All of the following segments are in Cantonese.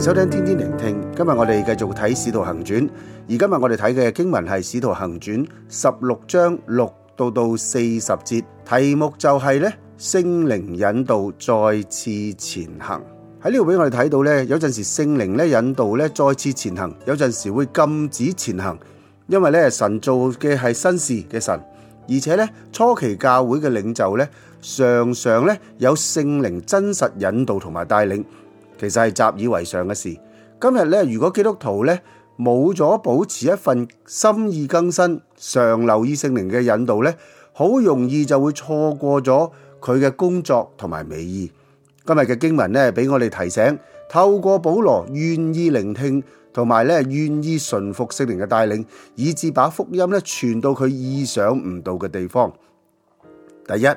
收聽天天靈聽，今日我哋繼續睇《使徒行傳》，而今日我哋睇嘅經文係《使徒行傳》十六章六到到四十節，題目就係咧聖靈引導再次前行。喺呢度俾我哋睇到咧，有陣時聖靈咧引導咧再次前行，有陣時會禁止前行，因為咧神做嘅係新事嘅神，而且咧初期教會嘅領袖咧，常常咧有聖靈真實引導同埋帶領。其實係習以為常嘅事。今日咧，如果基督徒咧冇咗保持一份心意更新，常留意聖靈嘅引導咧，好容易就會錯過咗佢嘅工作同埋美意。今日嘅經文咧，俾我哋提醒，透過保羅願意聆聽同埋咧願意順服聖靈嘅帶領，以致把福音咧傳到佢意想唔到嘅地方。第一，喺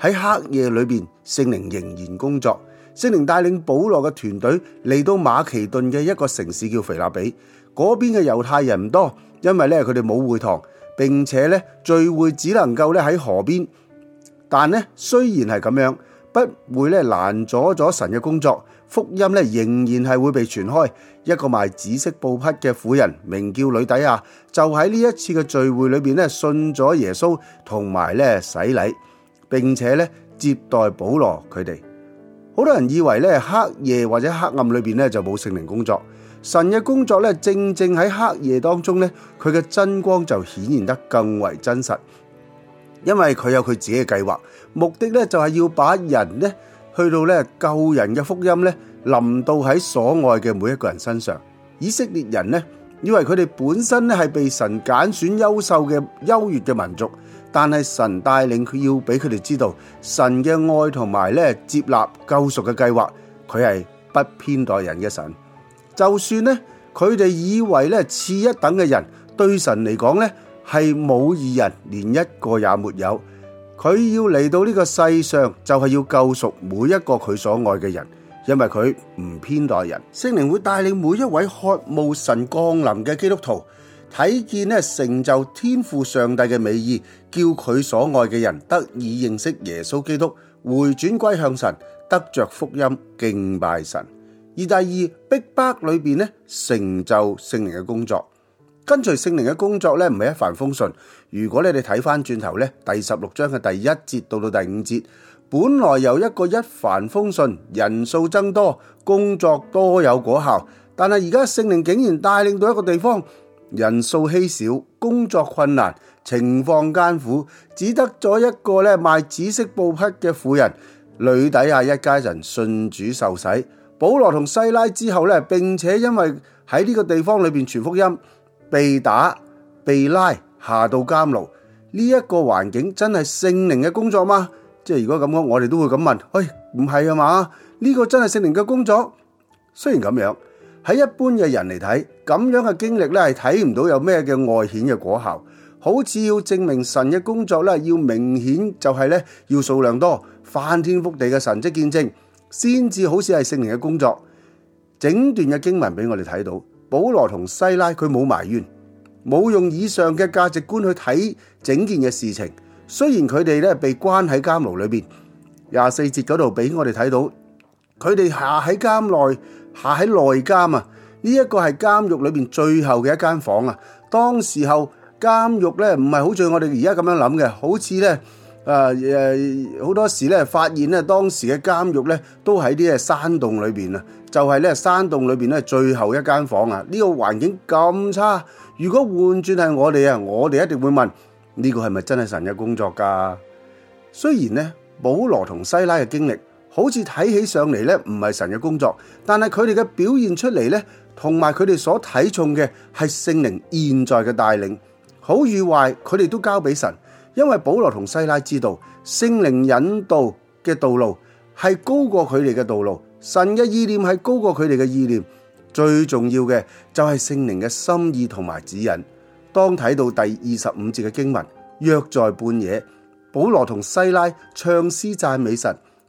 黑夜裏邊，聖靈仍然工作。聖靈帶領保羅嘅團隊嚟到馬其頓嘅一個城市叫腓立比，嗰邊嘅猶太人唔多，因為咧佢哋冇會堂，並且咧聚會只能夠咧喺河邊。但咧雖然係咁樣，不會咧攔阻咗神嘅工作，福音咧仍然係會被傳開。一個賣紫色布匹嘅婦人，名叫呂底亞，就喺呢一次嘅聚會裏邊咧信咗耶穌，同埋咧洗禮，並且咧接待保羅佢哋。好多人以為咧黑夜或者黑暗裏邊咧就冇聖靈工作，神嘅工作咧正正喺黑夜當中咧，佢嘅真光就顯現得更為真實，因為佢有佢自己嘅計劃，目的咧就係要把人咧去到咧救人嘅福音咧臨到喺所愛嘅每一個人身上。以色列人呢，以為佢哋本身咧係被神揀選優秀嘅優越嘅民族。但係神帶領佢要俾佢哋知道，神嘅愛同埋咧接納救贖嘅計劃，佢係不偏待人嘅神。就算咧佢哋以為咧次一等嘅人對神嚟講咧係冇義人，連一個也沒有。佢要嚟到呢個世上就係要救贖每一個佢所愛嘅人，因為佢唔偏待人。聖靈會帶領每一位渴慕神降臨嘅基督徒。睇見呢，成就天父上帝嘅美意，叫佢所愛嘅人得以認識耶穌基督，回轉歸向神，得着福音敬拜神。而第二，逼迫裏邊呢，成就聖靈嘅工作，跟隨聖靈嘅工作呢，唔係一帆風順。如果你哋睇翻轉頭呢，第十六章嘅第一節到到第五節，本來有一個一帆風順，人數增多，工作多有果效，但係而家聖靈竟然帶領到一個地方。人數稀少，工作困難，情況艱苦，只得咗一個咧賣紫色布匹嘅婦人，呂底亞一家人信主受洗。保羅同西拉之後咧，並且因為喺呢個地方裏邊傳福音，被打、被拉下到監牢。呢、這、一個環境真係聖靈嘅工作嗎？即係如果咁講，我哋都會咁問：，喂、哎，唔係啊嘛？呢、這個真係聖靈嘅工作？雖然咁樣。喺一般嘅人嚟睇，咁樣嘅經歷咧係睇唔到有咩嘅外顯嘅果效，好似要證明神嘅工作咧，要明顯就係咧要數量多、翻天覆地嘅神蹟見證，先至好似係聖靈嘅工作。整段嘅經文俾我哋睇到，保羅同西拉佢冇埋怨，冇用以上嘅價值觀去睇整件嘅事情。雖然佢哋咧被關喺監牢裏邊，廿四節嗰度俾我哋睇到，佢哋下喺監內。下喺內監啊！呢一個係監獄裏邊最後嘅一間房啊。當時候監獄咧唔係好似我哋而家咁樣諗嘅，好似咧誒誒，好多時咧發現咧當時嘅監獄咧都喺啲山洞裏邊啊，就係咧山洞裏邊咧最後一間房啊。呢個環境咁差，如果換轉係我哋啊，我哋一定會問呢個係咪真係神嘅工作噶？雖然咧保羅同西拉嘅經歷。好似睇起上嚟咧，唔係神嘅工作，但係佢哋嘅表現出嚟咧，同埋佢哋所睇重嘅係聖靈現在嘅帶領，好與壞，佢哋都交俾神，因為保羅同西拉知道聖靈引導嘅道路係高過佢哋嘅道路，神嘅意念係高過佢哋嘅意念。最重要嘅就係聖靈嘅心意同埋指引。當睇到第二十五節嘅經文，約在半夜，保羅同西拉唱詩讚美神。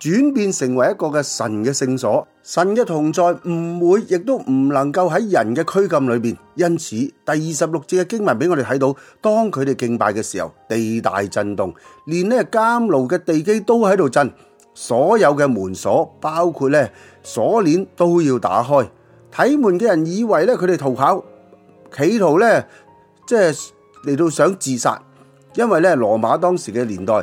轉變成為一個嘅神嘅聖所，神嘅同在唔會，亦都唔能夠喺人嘅拘禁裏邊。因此，第二十六節嘅經文俾我哋睇到，當佢哋敬拜嘅時候，地大震動，連呢監牢嘅地基都喺度震，所有嘅門鎖，包括呢鎖鏈都要打開。睇門嘅人以為呢佢哋逃跑，企圖呢即係嚟到想自殺，因為呢羅馬當時嘅年代。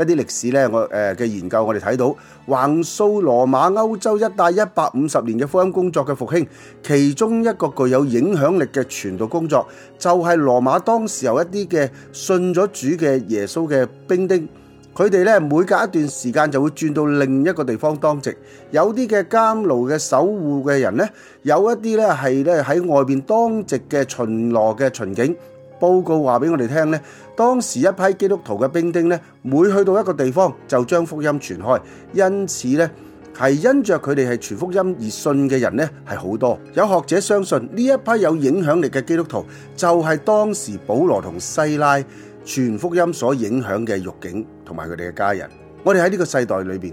一啲歷史咧，我誒嘅研究我哋睇到橫掃羅馬歐洲一帶一百五十年嘅福音工作嘅復興，其中一個具有影響力嘅傳道工作，就係羅馬當時有一啲嘅信咗主嘅耶穌嘅兵丁，佢哋咧每隔一段時間就會轉到另一個地方當值，有啲嘅監牢嘅守護嘅人咧，有一啲咧係咧喺外邊當值嘅巡邏嘅巡警。報告話俾我哋聽咧，當時一批基督徒嘅兵丁咧，每去到一個地方就將福音傳開，因此咧係因著佢哋係傳福音而信嘅人咧係好多。有學者相信呢一批有影響力嘅基督徒就係當時保羅同西拉傳福音所影響嘅獄警同埋佢哋嘅家人。我哋喺呢個世代裏邊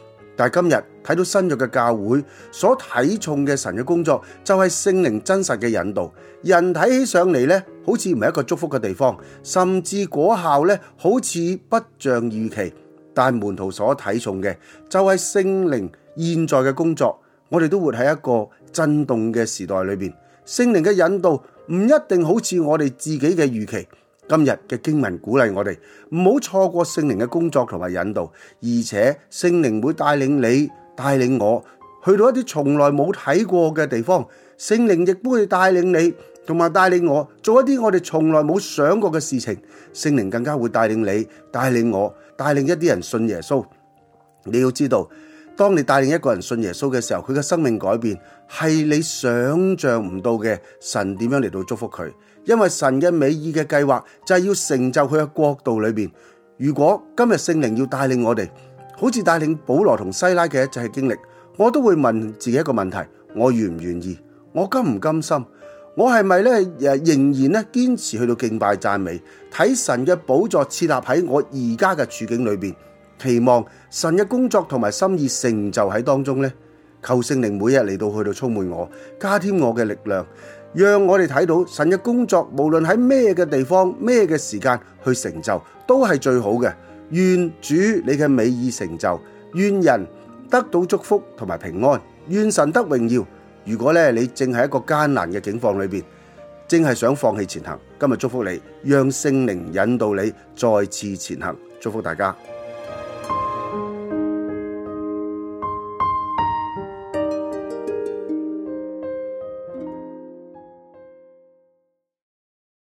但今日睇到新約嘅教會所睇重嘅神嘅工作，就係聖靈真實嘅引導。人睇起上嚟咧，好似唔係一個祝福嘅地方，甚至果效咧好似不像預期。但係門徒所睇重嘅就係聖靈現在嘅工作。我哋都活喺一個震動嘅時代裏邊，聖靈嘅引導唔一定好似我哋自己嘅預期。今日嘅經文鼓勵我哋，唔好錯過聖靈嘅工作同埋引導，而且聖靈會帶領你、帶領我去到一啲從來冇睇過嘅地方。聖靈亦都會帶領你同埋帶領我做一啲我哋從來冇想過嘅事情。聖靈更加會帶領你、帶領我、帶領一啲人信耶穌。你要知道。當你帶領一個人信耶穌嘅時候，佢嘅生命改變係你想象唔到嘅。神點樣嚟到祝福佢？因為神嘅美意嘅計劃就係要成就佢嘅國度裏邊。如果今日聖靈要帶領我哋，好似帶領保羅同西拉嘅一切經歷，我都會問自己一個問題：我願唔願意？我甘唔甘心？我係咪咧仍然咧堅持去到敬拜讚美，睇神嘅寶座設立喺我而家嘅處境裏邊？期望神嘅工作同埋心意成就喺當中咧，求聖靈每日嚟到去到充滿我，加添我嘅力量，讓我哋睇到神嘅工作，無論喺咩嘅地方、咩嘅時間去成就，都係最好嘅。願主你嘅美意成就，願人得到祝福同埋平安，願神得榮耀。如果咧你正係一個艱難嘅境況裏邊，正係想放棄前行，今日祝福你，讓聖靈引導你再次前行。祝福大家。